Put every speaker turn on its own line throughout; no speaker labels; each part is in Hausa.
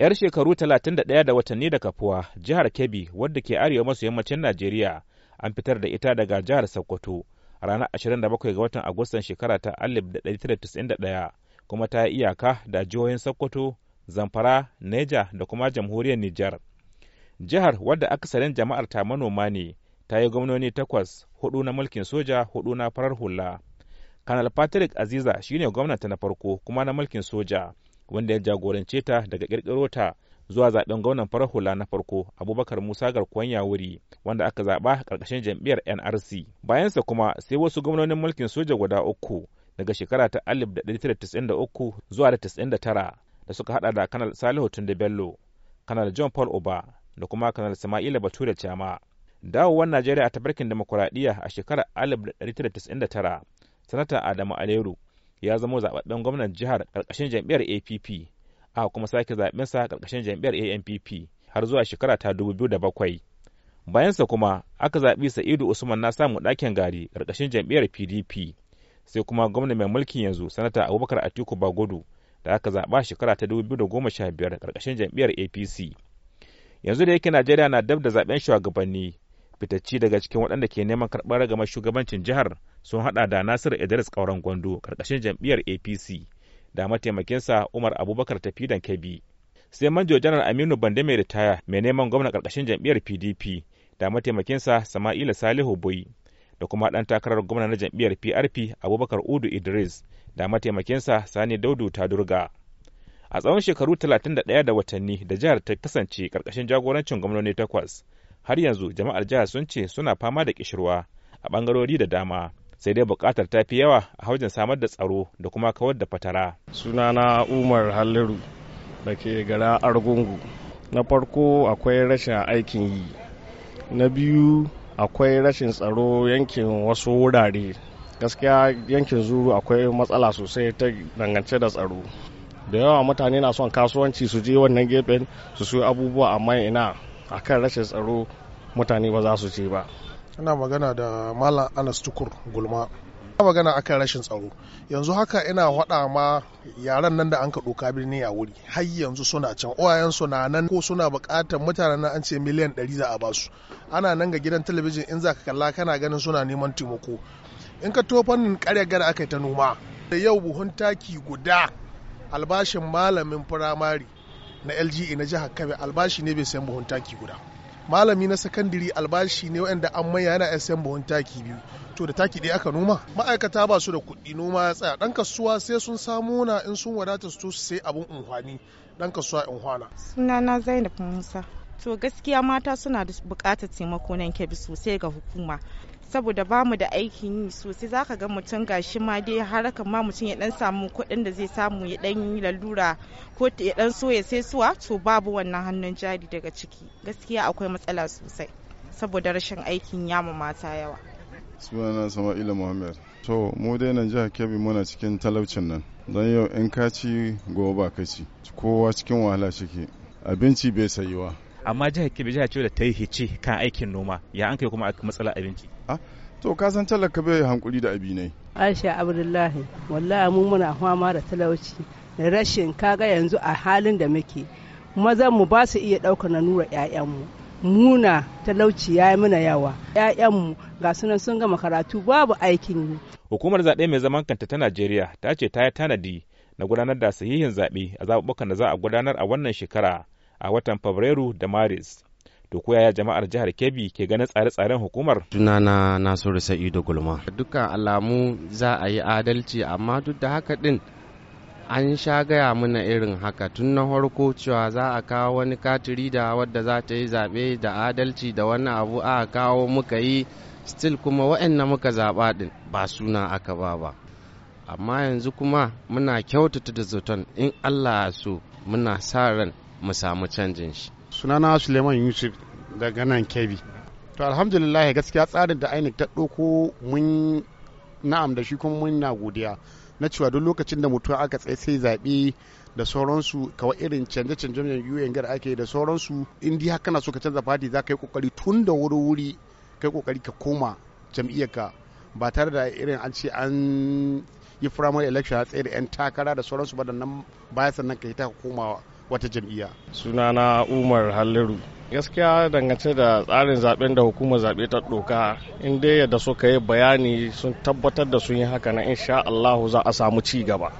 'Yar shekaru 31 da watanni da kafuwa, jihar Kebbi wadda ke arewa maso yammacin Najeriya an fitar da ita daga jihar Sokoto ranar 27 ga watan Agustan shekara ta 1991 kuma ta yi iyaka da jihohin Sokoto, Zamfara, Neja da kuma jamhuriyar Nijar. Jihar wadda akasarin jama'ar ta manoma ne ta yi gwamnoni takwas hudu na mulkin soja hudu na farar hula. Kanal Patrick Aziza shine gwamnati na farko kuma na mulkin soja. wanda ya jagorance ta daga kirkiro ta zuwa zaben gwamnan farar na farko abubakar musa garkuwan wuri wanda aka zaba karkashin jam'iyyar nrc bayansa kuma sai wasu gwamnonin mulkin soja guda uku daga shekara ta 1993 zuwa da da suka hada da kanal salihu tunde bello kanal john paul oba da kuma kanal sama'ila bature chama dawowar najeriya a tabarkin demokuraɗiyya a shekarar 1999 sanata adamu aleru ya zama zababben gwamnan jihar karkashin jam'iyyar APP a kuma sake zabensa karkashin jam'iyyar ANPP har zuwa shekara ta bakwai bayansa kuma aka zaɓi Sa'idu Usman na samu ɗakin gari karkashin jam'iyyar PDP sai kuma gwamnan mai mulkin yanzu sanata Abubakar Atiku Bagudu da aka zaɓa shekara ta 2015 karkashin jam'iyyar APC yanzu da yake Najeriya na dab da zaɓen shugabanni fitacci daga cikin waɗanda ke neman karɓar ragamar shugabancin jihar sun hada da nasiru idris kauran gwando karkashin jam'iyyar apc da mataimakinsa umar abubakar tafidan kebbi sai manjo janar aminu bande mai ritaya mai neman gwamna karkashin jam'iyyar pdp da mataimakinsa sama'ila salihu Boyi da kuma ɗan takarar gwamna na jam'iyyar prp abubakar udu idris da mataimakinsa sani daudu tadurga a tsawon shekaru 31 da watanni da jihar ta kasance karkashin jagorancin gwamnoni takwas har yanzu jama'ar jihar sun ce suna fama da kishirwa a ɓangarori da dama sai dai buƙatar ta fi yawa a hajjin samar da tsaro da kuma kawar da fatara. suna na Umar Halliru da ke gara
Argungu. Na farko akwai rashin aikin yi. Na biyu akwai rashin tsaro yankin wasu wurare. Gaskiya yankin zuru akwai matsala sosai ta dangance da tsaro. Da yawa mutane na son kasuwanci su je wannan gefen su siyo abubuwa amma ina akan rashin tsaro mutane ba za su je ba. ina magana da malam anas tukur gulma ina magana akan rashin tsaro yanzu haka ina faɗa ma yaran nan da an ka doka birni a wuri har yanzu suna can oyayen suna nan ko suna buƙatar mutanen nan an ce miliyan ɗari za a basu ana nan ga gidan talabijin in za ka kalla kana ganin suna neman taimako in ka to fannin ƙarya gara aka yi ta noma da yau buhun taki guda albashin malamin firamare na lge na jihar kabe albashi ne bai sayan buhun taki guda malami na sakandiri albashi ne wa'anda an maya yana iya sayan buhun taki biyu to da taki ɗaya aka noma ma'aikata ba su da kuɗi noma ya tsaya ɗan kasuwa sai sun samu na in sun wadata su sai abin unhwani ɗan kasuwa in suna
sunana zainab musa
to gaskiya mata suna da buƙatar taimako nan kebi sosai
ga hukuma saboda ba mu da aikin yi sosai za ka ga mutum gashi ma dai harakan ma mutum ya dan samu kuɗin da zai samu ya dan yi lalura ko ya dan so ya sai suwa to babu wannan hannun jari daga ciki gaskiya akwai matsala sosai saboda rashin aikin yamu mata yawa
sunana sama'ila muhammad to mu dai nan jihar kebbi muna cikin talaucin nan don yau in ka ci gobe ba ka ci kowa cikin wahala shike abinci bai sayuwa
amma jihar kebbi jiha ce da ta yi hice kan aikin noma ya an kai kuma
matsala abinci Ah, to ka san talaka bai hankuli da abi
aisha abdullahi wallahi mu muna fama da talauci da rashin kaga yanzu a halin da muke mazanmu mu ba su iya ɗaukar na nura ƴaƴanmu muna talauci ya yi mana yawa ƴaƴanmu ga sunan sun gama karatu babu aikin yi hukumar zaɓe mai zaman kanta ta najeriya ta ce ta yi tanadi na gudanar da sahihin zaɓe a zaɓuɓɓukan da za a gudanar a wannan shekara a watan fabrairu da maris to ko yaya jama'ar jihar Kebbi ke ganin tsare-tsaren hukumar sunana Nasiru Sa'idu Gulma dukkan alamu za a yi adalci amma duk da haka din an sha gaya mana irin haka tun na farko cewa za a kawo wani katiri da wadda za ta yi zaɓe da adalci da wani abu a kawo muka yi still kuma waɗanda muka zaɓa ɗin ba suna aka ba ba amma
yanzu kuma muna kyautata da zaton in allah so muna sa ran mu samu canjin shi sunana suleiman yusuf daga nan kebi to alhamdulillah gaskiya tsarin da ainih ta ɗauko mun na'am da shi kuma mun na godiya na cewa duk lokacin da mutum aka tsaye sai zaɓe da sauransu kawai irin canje-canjen UN gar ake da sauransu in dai kana so ka canza fati za ka yi kokari tun da wuri wuri kai kokari ka koma jam'iyyarka ba tare da irin an ce an yi primary election a tsaye da 'yan takara da sauransu ba da nan baya sannan ka yi ta komawa wata jam'iyya sunana umar halliru gaskiya dangance da tsarin zaben da hukumar zaɓe ta doka inda dai da suka yi bayani sun tabbatar da sun yi haka na insha Allah za a
samu ci gaba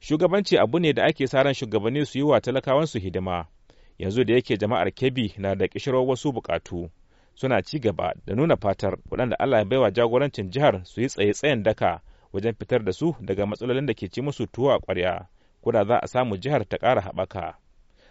shugabanci abu ne da ake sa ran shugabanni su yi wa talakawan su hidima yanzu da yake jama'ar Kebbi na da kishiro wasu bukatu suna ci gaba da nuna fatar waɗanda Allah ya baiwa jagorancin jihar su yi tsaye tsayen daka wajen fitar da su daga matsalolin da ke ci musu tuwo a ƙwarya za a samu jihar ta ƙara haɓaka